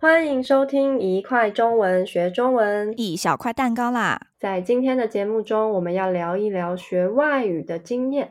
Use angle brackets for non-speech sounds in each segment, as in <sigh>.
歡迎收聽一塊中文，學中文，一小塊蛋糕啦！在今天的節目中，我們要聊一聊學外語的經驗。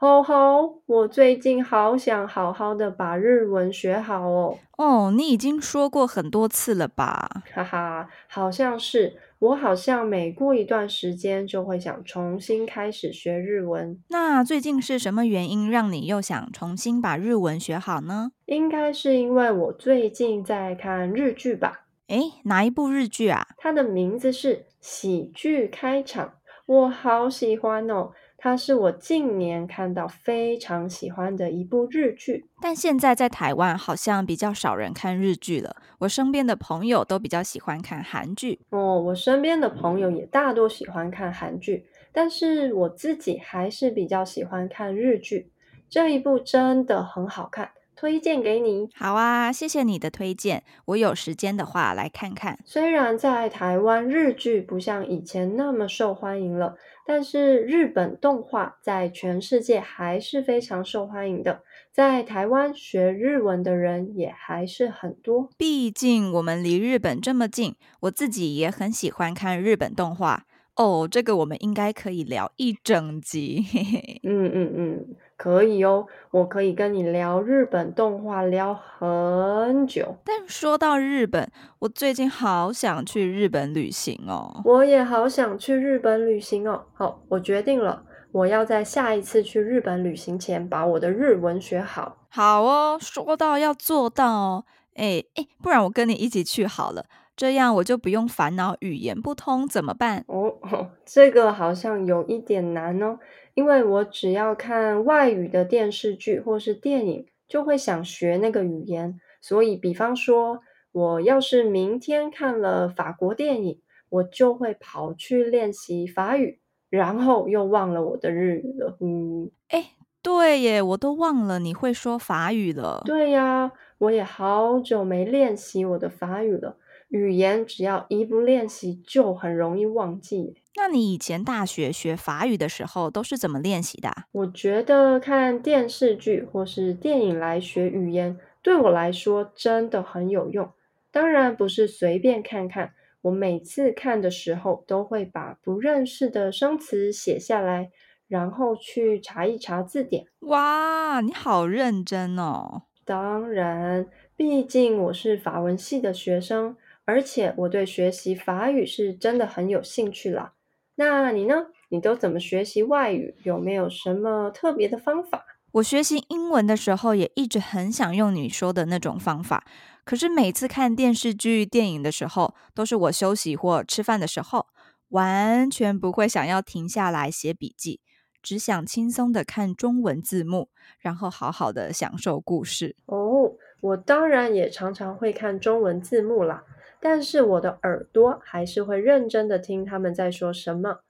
吼吼，oh, oh, 我最近好想好好的把日文學好哦。哦，oh, 你已經說過很多次了吧？哈哈，好像是。我好像每過一段時間就會想重新開始學日文。那最近是什麼原因讓你又想重新把日文學好呢？應該是因為我最近在看日劇吧？誒，哪一部日劇啊？它的名字是《喜劇開場》，我好喜歡哦。它是我近年看到非常喜歡的一部日劇，但現在在台灣好像比較少人看日劇了。我身邊的朋友都比較喜歡看韓劇。哦，我身邊的朋友也大多喜歡看韓劇，但是我自己還是比較喜歡看日劇。這一部真的很好看。推薦給你。好啊，謝謝你的推薦，我有時間的話來看看。雖然在台灣日劇不像以前那麼受歡迎了，但是日本動畫在全世界還是非常受歡迎的。在台灣學日文的人也還是很多，畢竟我們離日本這麼近，我自己也很喜歡看日本動畫哦。這個我們應該可以聊一整集，嘿嘿嗯。嗯嗯可以哦，我可以跟你聊日本動畫聊很久。但說到日本，我最近好想去日本旅行哦。我也好想去日本旅行哦。好，我決定了，我要在下一次去日本旅行前把我的日文學好。好哦，說到要做到哦。誒誒，不然我跟你一起去好了，這樣我就不用煩惱語言不通怎麼辦。哦，這個好像有一點難哦。因為我只要看外語的電視劇或是電影，就會想學那個語言。所以，比方說，我要是明天看了法國電影，我就會跑去練習法語，然後又忘了我的日語了。嗯，哎，對耶，我都忘了你會說法語了。對呀，我也好久沒練習我的法語了。語言只要一不練習，就很容易忘記。那你以前大學學法語的時候，都是怎麼練習的？我覺得看電視劇或是電影來學語言，對我來說真的很有用。當然不是隨便看看，我每次看的時候都會把不認識的生詞寫下來，然後去查一查字典。哇，你好認真哦！當然，畢竟我是法文系的學生。而且我對學習法語是真的很有興趣啦。那你呢？你都怎麼學習外語？有沒有什麼特別的方法？我學習英文的時候也一直很想用你說的那種方法，可是每次看電視劇、電影的時候都是我休息或吃飯的時候，完全不會想要停下來寫筆記，只想輕鬆的看中文字幕，然後好好的享受故事。哦，oh, 我當然也常常會看中文字幕啦。但是我的耳朵還是會認真的聽他們在說什麼。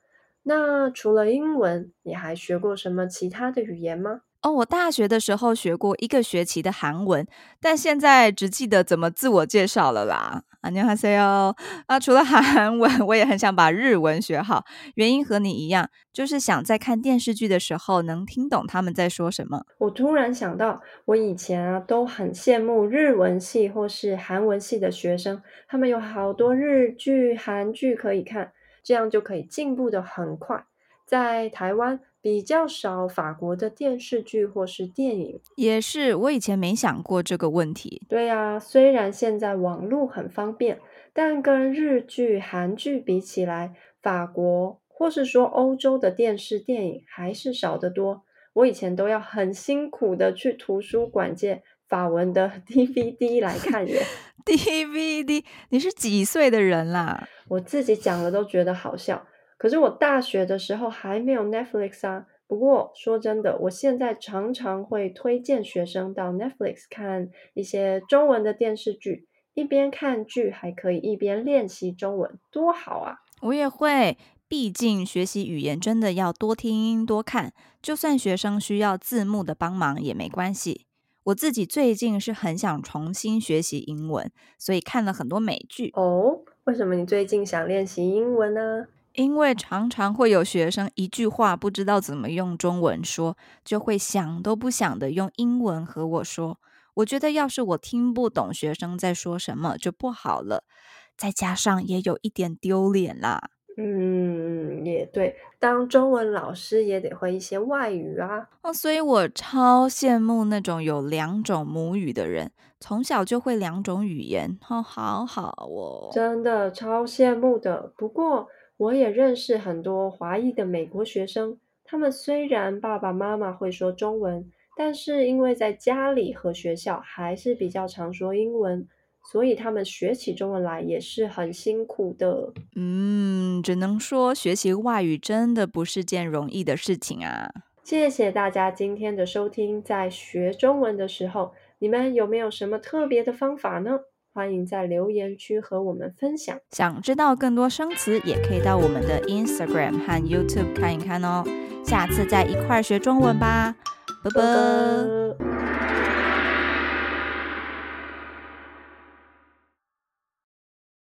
那除了英文，你還學過什麼其他的語言嗎？哦，我大學的時候學過一個學期的韓文，但現在只記得怎麼自我介紹了啦。안녕하세요。啊，除了韓文，我也很想把日文學好，原因和你一樣，就是想在看電視劇的時候能聽懂他們在說什麼。我突然想到，我以前啊都很羨慕日文系或是韓文系的學生，他們有好多日劇、韓劇可以看，這樣就可以進步的很快。在台灣。比較少法國的電視劇或是電影。也是，我以前沒想過這個問題。對啊，雖然現在網絡很方便，但跟日劇、韓劇比起來，法國或是說歐洲的電視電影還是少得多。我以前都要很辛苦的去圖書館借法文的 DVD 來看 <laughs> DVD，你是幾歲的人啦？我自己講了都覺得好笑。可是我大學的時候還沒有 Netflix 啊。不過說真的，我現在常常會推薦學生到 Netflix 看一些中文的電視劇，一邊看劇還可以一邊練習中文，多好啊！我也會，畢竟學習語言真的要多聽多看，就算學生需要字幕的幫忙也沒關係。我自己最近是很想重新學習英文，所以看了很多美劇哦。為什麼你最近想練習英文呢？因為常常會有學生一句話不知道怎麼用中文說，就會想都不想的用英文和我說。我覺得要是我聽不懂學生在說什麼就不好了，再加上也有一點丟臉啦。嗯，也對，當中文老師也得會一些外語啊。哦，所以我超羨慕那種有兩種母語的人，從小就會兩種語言。哦，好好哦，真的超羨慕的。不過。我也認識很多華裔的美國學生，他們雖然爸爸媽媽會說中文，但是因為在家裡和學校還是比較常說英文，所以他們學起中文來也是很辛苦的。嗯，只能說學習外語真的不是件容易的事情啊。謝謝大家今天的收聽。在學中文的時候，你們有沒有什麼特別的方法呢？歡迎在留言區和我們分享。想知道更多生詞，也可以到我們的 Instagram 和 YouTube 看一看哦。下次再一塊兒學中文吧，嗯、拜拜。嗯